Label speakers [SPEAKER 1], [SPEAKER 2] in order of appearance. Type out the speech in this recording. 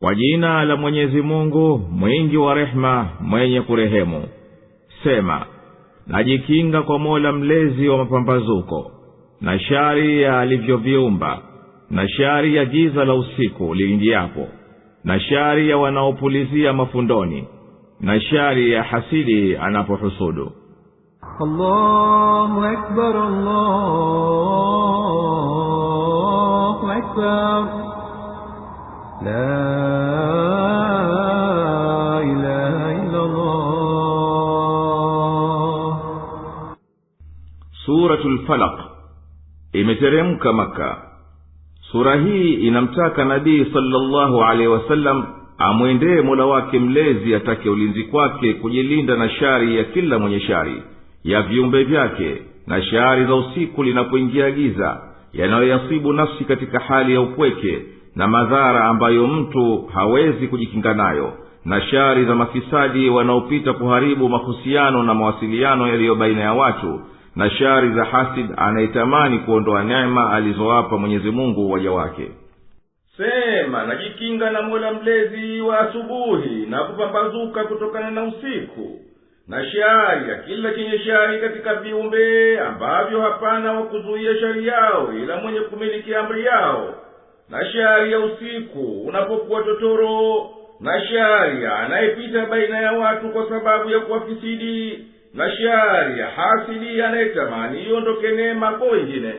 [SPEAKER 1] kwa jina la mwenyezi mungu mwingi wa rehema mwenye kurehemu sema najikinga kwa mola mlezi wa mapambazuko na shari ya alivyoviumba na shari ya giza la usiku liingiapo na shari ya wanaopulizia mafundoni na shari ya hasidi anapohusudu
[SPEAKER 2] imeteremka maka sura hii inamtaka nabii salllahu alehi wasallam amwendee mola wake mlezi atake ulinzi kwake kujilinda na shari ya kila mwenye shari ya viumbe vyake na shari za usiku linapoingia giza yanayoyasibu nafsi katika hali ya upweke na madhara ambayo mtu hawezi kujikinga nayo na shari za mafisadi wanaopita kuharibu mahusiano na mawasiliano yaliyo baina ya watu na shari za hasid anayetamani kuondoa neema alizowapa mwenyezi mungu waja wake
[SPEAKER 3] sema najikinga na mola mlezi wa asubuhi na kupambazuka kutokana na usiku na shari ya kila chenye shari katika viumbe ambavyo hapana wa kuzuia shari yao ila mwenye kumiliki amri yao na shari ya usiku unapokuwa totoro na shari anayepita baina ya watu kwa sababu ya kuwafisidi na shari hasidi anayetamani iondoke neema kwa wengine